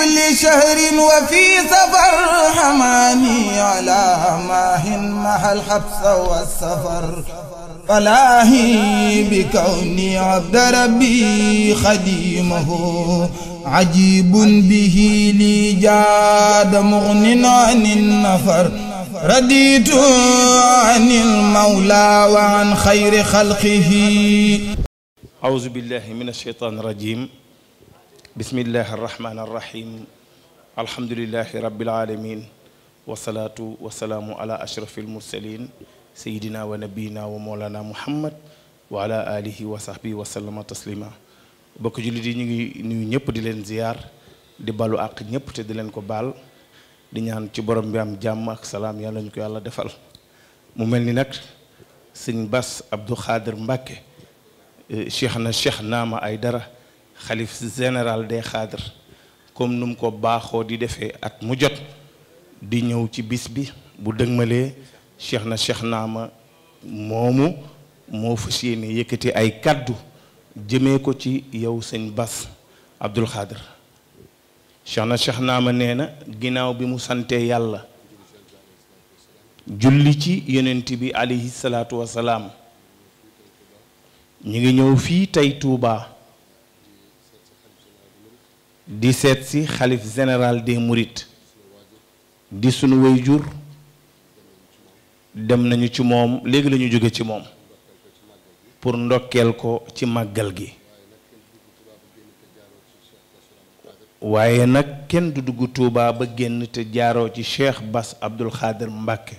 kulli shahrin wa fi safar xamaani ala maahin mahal xabsa wa safar falaahi bi kawni abda rabbi xadimahu ajibun bihi li jaada mugnin anin nafar raditu anil mawla wa an xayri xalqihi. Auzu billahi mina shaytaani rajiim. bismillahi arrahmani arrahim alhamdulilahi rabbil alamin wasalaatu wasalaamu ala ashrafil mursalin sayidina wa nabiyina wa moolana muhammad wa ala alihi wa sahbihi taslima bokk jullit yi ñu ngi ñëpp di leen ziyaar di balu àq ñépp te di leen ko baal di ñaan ci borom bi am ak salaam yàlla ñu ko yàlla defal mu mel ni nag sëñ Bass Abdou Khader Mbacke eh, cheikh na cheikh naama ay dara xalif général de cadres comme nu mu ko baaxoo di defee ak mu jot di ñëw ci bis bi bu dëgmalee cheikh na cheikh naama moomu moo fas yéene yëkkati ay kàddu jëmee ko ci yow sëñ Bass Abdou Khadre cheikh na cheikh nee na ginnaaw bi mu santee yàlla julli ci yonent bi aleyhi salaatu ñu ngi ñëw fii tey Tuubaa di seet si xalif général de murit di sunu jur dem nañu ci moom léegi la jóge ci moom pour ndokkeel ko ci màggal gi waaye nag kenn du dugg Tuuba ba génn te jaaro ci Cheikh Bass Abdou Khadre Mbacké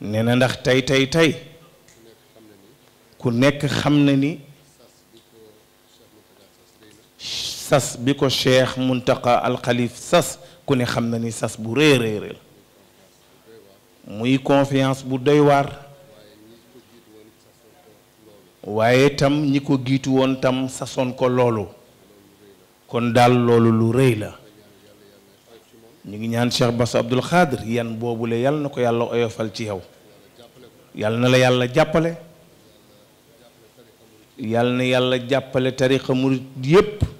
nee na ndax tey tey tey ku nekk xam na ni sas bi ko cheikh muntaqa alxalif sas ku ne xam na ni sas bu réeréeréel muy confiance bu doy waar waaye tam ñi ko giitu woon tam sasoon ko loolu kon daal loolu lu rëy la ñu ngi ñaan cheikh bass abdul xaadir yan boobule yàlla na ko yàlla oyofal ci yow yàlla na la yàlla jàppale yàlla na yàlla jàppale tarixa murit yépp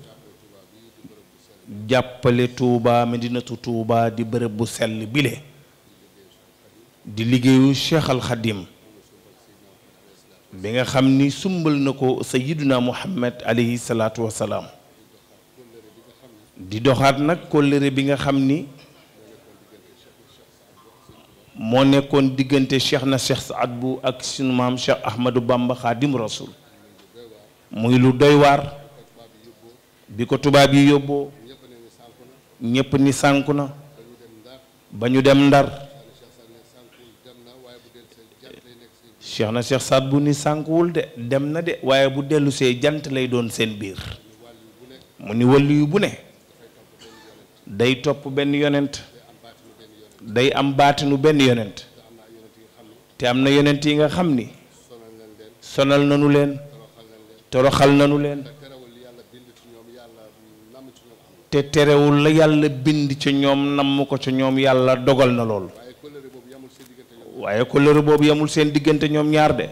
jàppale Touba Medinatu Touba di bërëb bu sell bile di liggéeyu Cheikh Al bi nga xam ni sumbal na ko sayyiduna Muhammad alayhi salaatu salaam di doxaat nag kóllëre bi nga xam ni moo nekkoon diggante Cheikh na Cheikh Saad bu ak sunu maam Cheikh Ahmadou Bamba Xaadim muy lu doy waar bi ko tubaab yi yóbboo ñépp ni sànku na ba ñu dem ndar cheikh na cheikh saad bu ni sànkuwul de dem na de waaye bu dellusee jant lay doon seen biir mu ni wàllu yu bu ne day topp benn yonent day am baatinu benn yonent te am na yonent yi nga xam ni sonal nanu leen toroxal nanu leen te terewul la yàlla bind ca ñoom namm ko ca ñoom yàlla dogal na loolu waaye kóllëre boobu yamul seen diggante ñoom ñaar de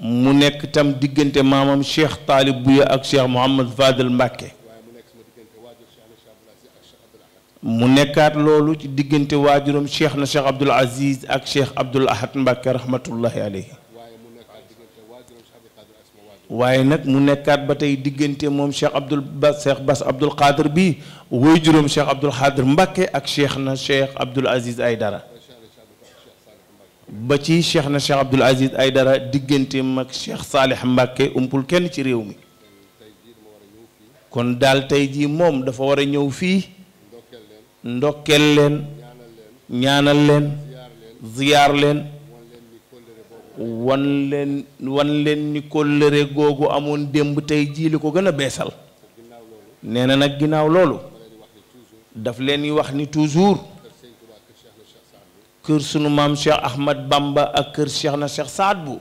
mu nekk itam diggante maamam Cheikh Taalib Buya ak Cheikh Mouhamad Fadel Mbàkke mu nekkaat loolu ci diggante waajuram Cheikh na Cheikh Abdoul Aziz ak Cheikh Abdoul Ahad Mbàkke rahmatullahi aleyhi waaye nag mu nekkaat ba tey diggante moom cheikh abdul ba cheikh bas abdul xaadir bi woy juróom cheikh abdul xaadir mbàkke ak cheikh na cheikh abdul aziz ay dara ba ci cheikh na cheikh abdul aziz ay dara diggante ak cheikh saalih mbàkke umpul kenn ci réew mi kon daal tey jii moom dafa war a ñëw fii ndokkeel leen ñaanal leen ziyaar leen wan leen wan leen ni kóllëre googu amoon démb tey jii li ko gën a beesal nee na nag ginnaaw loolu daf leen di wax ni toujours kër sunu maam Cheikh Ahmad Bamba ak kër Cheikh na Cheikh saat bu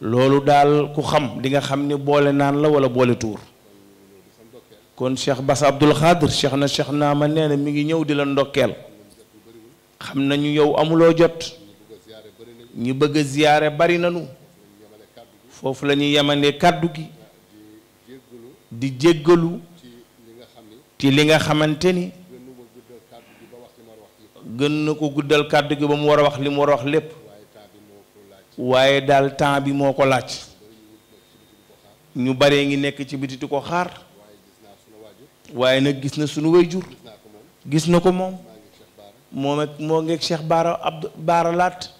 loolu daal ku xam di nga xam ni boole naan la wala boole tuur kon Cheikh Bass Abdul Xaadir Cheikh na Cheikh naa ma nee na mi ngi ñëw di la ndokkeel xam nañu yow amuloo jot. ñu bëgg a ziyaare bari nanu foofu la ñuy yemande kàddu gi di jéggalu ci li nga xamante ni gën na ko guddal kàddu gi ba mu war a wax li mu war a wax lépp waaye daal temps bi moo ko laaj ñu baree ngi nekk ci biti di ko xaar waaye nag gis na sunu wayjur gis na ko moom moom ak moo ngeeg Cheikh Baara Abdou Baara Laat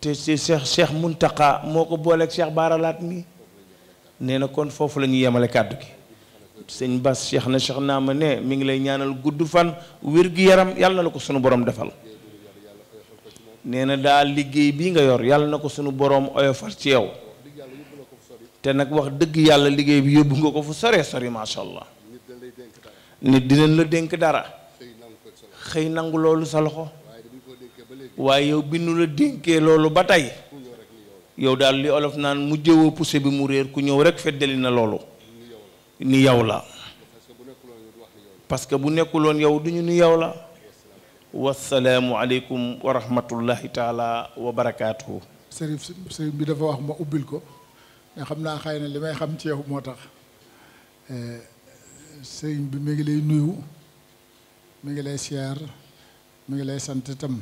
te si Cheikh mun Muntaqa moo ko booleek Cheikh Baaralaat mi nee na kon foofu la ñuy yemale kàddu gi sëñ Bas Cheikh na Cheikh naa ma ne mi ngi lay ñaanal gudd fan wér gu yaram yàlla la ko sunu borom defal nee na daal liggéey bii nga yor yàlla na ko sunu borom oyofal ci yow te nag wax dëgg yàlla liggéey bi yóbbu nga ko fu sore sori macha allah nit dinañ la dénk dara xëy nangu loolu sa loxo. waaye yow bi nu la dénkee loolu ba tey yow daal li olof naan mu jëwoo poussé bi mu réer ku ñëw rek feddali na loolu ni yow la parce que bu nekkuloon yow du ñu ni yaw la wasalaamu aleykum wa rahmatullahi taala wa barakaatuhu sëriñ sëriñ bi dafa wax ma ubbil ko nga xam naa xay na li may xam ci moo tax eh, sëriñ bi mi ngi lay nuyu mi ngi lay siyaar mu ngi lay sant itam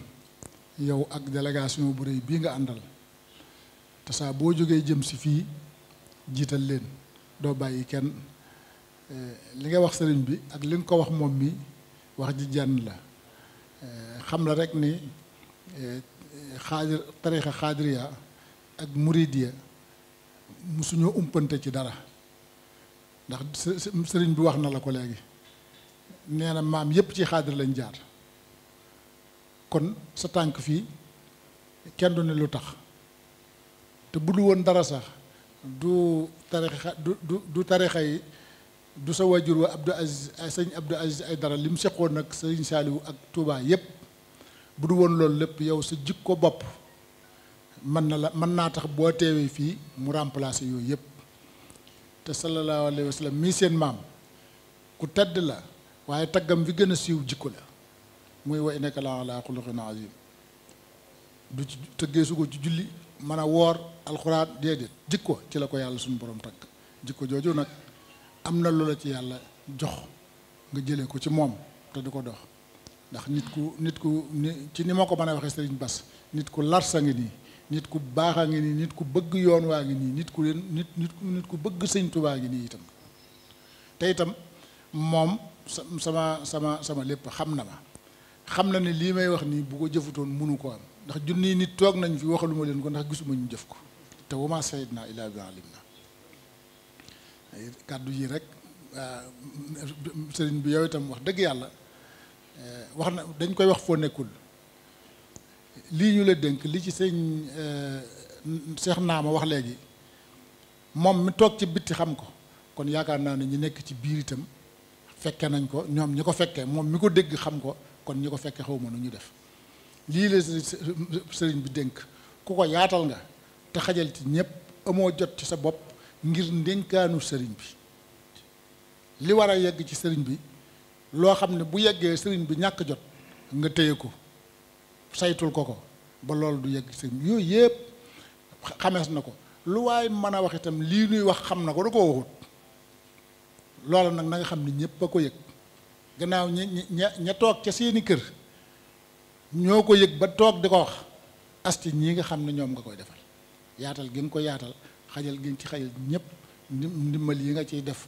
yow ak délégation bu rëy bii nga àndal tasaa boo jógee jëm si fii jiital leen doo bàyyi kenn eh, li nga wax sëriñ bi ak li ko wax moom mi wax ji jànn la eh, xam la rek ni eh, xaadir tarixa xaadiriya ak muridiya musuñoo umpante ci dara ndax sëriñ bi wax na la ko léegi nee na maam yépp ci xaadir lañ jaar kon sa tànk fii kenn du ne lu tax te bu du woon dara sax du tarixa du du du tarixa yi du sa wajur wa Abdou Aziz sëñ Abdou Aziz ay dara li mu seqoon ak sëñ Saaliwu ak Touba yépp bu du woon loolu lépp yow sa jikko bopp mën na la mën naa tax boo teewee fii mu remplacer yooyu yépp te sallallahu alayhi wa mii seen maam ku tedd la waaye taggam bi gën a siiw jikko la muy wa innaka la ala xuluqin azim du ci tëggeesu ko ci julli mën a woor alxuraan déedéet jikko ci la ko yàlla suñu borom tagg jikko joojoo nag am na lu ci yàlla jox nga jëlee ko ci moom te di ko dox ndax nit ku nit ku ci ni ma ko mën a waxee Sëriñ Bas nit ku larsa ngi nii nit ku baax a ngi nii nit ku bëgg yoon waa ngi nii nit ku leen nit nit ku bëgg Sëñ Tuubaa ngi nii itam te itam moom sama sama sama lépp xam na ma xam na ne lii may wax nii bu ko jëfutoon mënu ko am ndax junni nit toog nañ fi waxaluma leen ko ndax gisuma ñu jëf ko te wama sayid naa ilaa kàddu yi rek ah, sëriñ bi yow itam wax dëgg yàlla eh, wax na dañ koy wax foo nekkul lii ñu la dénk li ci sëñ seex eh, naa ma wax léegi moom mi toog ci bitti xam ko kon yaakaar naa ne ñi nekk ci biir itam fekke nañ ko ñoom ñi ko fekkee moom mi ko dégg xam ko kon ñi ko fekkee xaw ma nu ñu def lii la sëriñ bi dénk ku ko yaatal nga te xajal ci ñëpp amoo jot ci sa bopp ngir ndénkaanu sëriñ bi li war a yegg ci sëriñ bi loo xam ne bu yeggee sëriñ bi ñàkk jot nga téye ko saytul ko ko ba loolu du yegg sëriñ bi yooyu yëpp xamees na ko lu waay mën a wax itam lii nuy wax xam na ko da koo waxut loolu nag na nga xam ne ñëpp a ko yëg gannaaw ña ña ña toog ca seeni kër ñoo ko yëg ba toog di ko wax asti ñii nga xam ne ñoom nga koy defal yaatal gi nga ko yaatal xajal gi nga ci xajal ñëpp ndimbal yi nga ciy def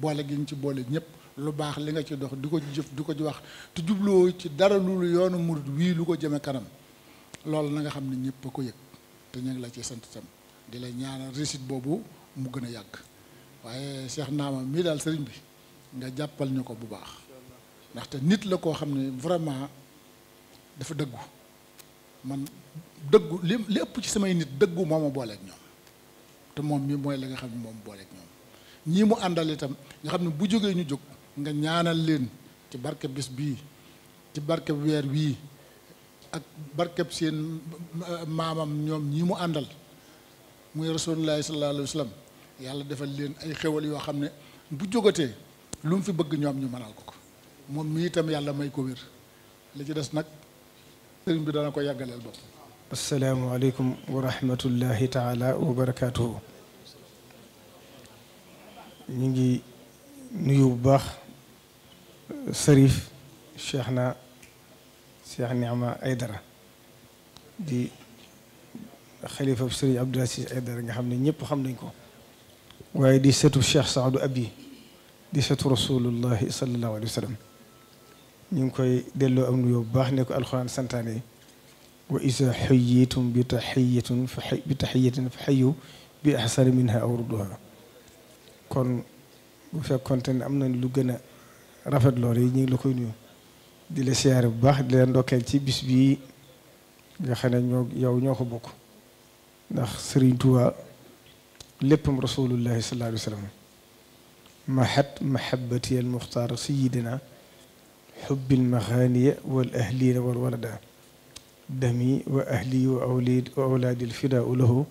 boole gi nga ci boole ñëpp lu baax li nga ci dox di ko jëf di ko wax jubloo ci dara lu yoonu murit wii lu ko jëme kanam loolu na nga xam ne ñëpp a ko yëg te ñu ngi la ci sant tam di la ñaanal réussite boobu mu gën a yàgg waaye Cheikh Naama mii daal sëriñ bi nga jàppal ñu ko bu baax ndaxte nit la koo xam ne vraiment dafa dëggu man dëggu li li ëpp ci samay nit dëggu moo booleek booleeg ñoom te moom mii mooy la nga xam ne moom booleeg ñoom ñii mu àndal itam nga xam ne bu jógee ñu jóg nga ñaanal leen ci barke bis bii ci barke weer wii ak barkeb seen maamam ñoom ñii mu àndal muy rasulullahi sallallahu alayhi wa sallam yàlla defal leen ay xewal yoo xam ne bu jógatee lu mu fi bëgg ñoom ñu mënal ko ko moom mii itam yàlla may ko wér li ci des nag sëriñ bi dana ko yàggaleel bopp asalaamualeykum wa rahmatullahi taala wa barakaatuhu ñu ngi nuyu bu baax sërif cheikh na cheikh Niama Aydara di xalifa sëriñ Abdul Aziz Aydara nga xam ne ñëpp xam nañ ko waaye di setu cheikh Saadu Abi di setu rasulullahi sallallahu alayhi wa sallam ñu ngi koy delloo am nuyoo bu baax ne ko alxuraan santaane wa isa xuyyitum bi taxiyatin fa bi taxiyatin fa xayu bi ahsani minha kon bu fekkonte ni am na lu gën a rafet lool yi ñu la koy nuyu di la siyaare bu baax di leen ndokkeel ci bis bii nga xam ñoo yow ñoo ko bokk ndax Sëriñ Tuubaa léppam rasulullahi sallallahu alayhi wa sallam mahat mahabbati al muxtaar sayidina xubbi almaxaaniya wal ahliina wal walada dami wa ahli wa awlid wa awlaadi alfidaau lahu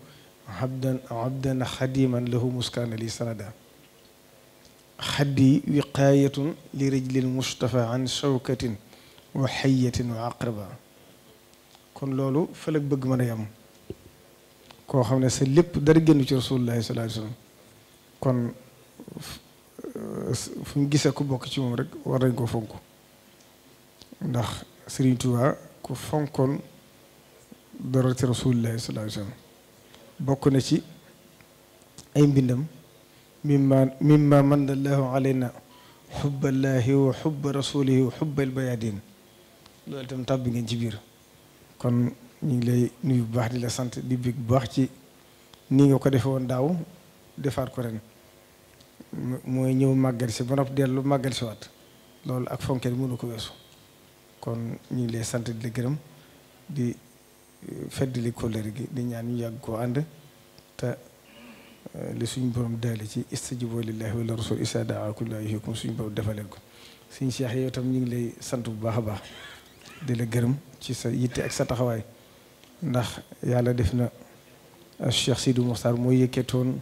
abdan abdan xadiman lahu muskaana li sanada xaddi wiqaayatun li rijli almustafa an shawkatin wa xayatin wa aqraba kon loolu fëlëg bëgg mën a yam koo xam ne sa lépp dara génn ci rasulullahi sallallahu alayhi wasallam kon euh, fu ñu gisee ku bokk ci moom rek war nañ koo fonk ndax Serigne Touba ku fonkoon darati rasulillahi sallallahu bokk na ci ay mbindam mimma mimma manna allahu alayna xubballahi wa xubba rasulihi wa xubbal bayadin loolu itam tàbbi ngeen ci biir kon ñu ngi lay nuyu baax di la sant di bég bu baax ci nii nga ko defe woon daaw defaat ko ren mooy ñëw màggal si ba dellu màggal si waat loolu ak fonkeel mënu ko weesu kon ñu ngi lay sant di la gërëm di eh, feddali kóllëre gi di ñaan ñu yàgg koo ànd te eh, li suñu borom daale ci istajibu lillahi wala rasul isa daakum laa yuhyikum suñu borom defalee ko suñu Cheikh yow tam ñu ngi lay sant bu baax a baax di la gërëm ci sa yitte ak sa taxawaay ndax yàlla def na Cheikh Sidou Mokhtar moo yëkkatoon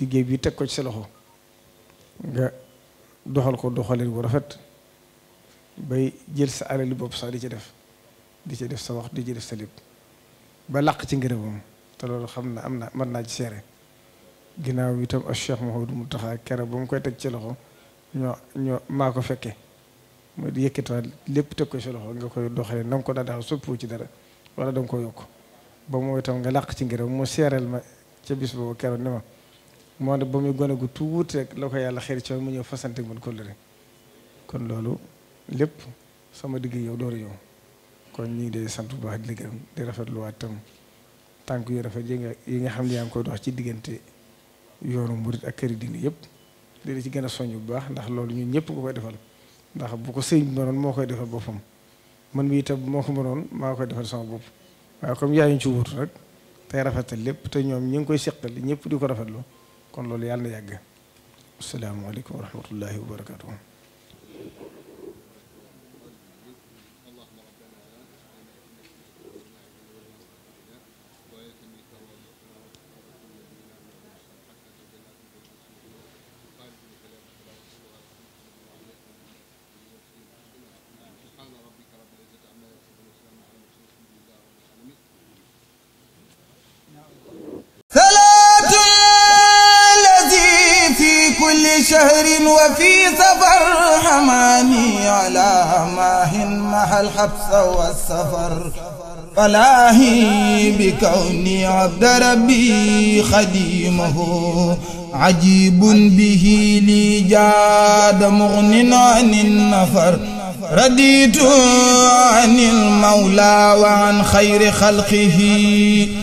liggéey bi teg ko ci sa loxo nga doxal ko doxalin bu rafet bay jël sa alali bopp sax di ci def di ci def sa wax di ci def sa lépp ba làq ci ngërëmam te loolu xam na am na mën naa ci seere ginnaaw bi itam ak Cheikh Mouhamadou Mountakha keroog ba mu koy teg ci loxo ñoo ñoo maa ko fekke mu di yëkkatiwaat lépp teg ko ci loxo nga koy doxalee na nga ko daa daaw soppiwu ci dara wala da nga ko yokk ba mooy itam nga làq ci ngërëm mu seereel ma ca bis boobu keroog ni ma moo ne ba muy gone gu tuuti rek la ko yàlla xëy ci mu ñëw fasante mën ko kon loolu lépp sama digg yow door yow kon ñii dee sant bu baax di la gërëm di rafetluwaat tam tànk yu rafet yi nga yi nga xam ne yaa ngi koy dox ci diggante yoonu murit ak këri diine yëpp dina ci gën a soññ bu baax ndax loolu ñu ñëpp ko koy defal ndax bu ko sëñ bi moo koy defal boppam man mii itam moo ko mënoon maa koy defal sama bopp waaye comme yaa ngi ci wóotu rek tey rafetal lépp te ñoom ñu ngi koy seqal ñëpp di ko rafetlu kon loolu yàlla na yàgg. asalaamaaleykum wa كل شهر وفي سفر حماني على ماهن مع الحبس والسفر فلاهي بكوني عبد ربي خديمه عجيب به لي جاد مغن عن النفر رديت عن المولى وعن خير خلقه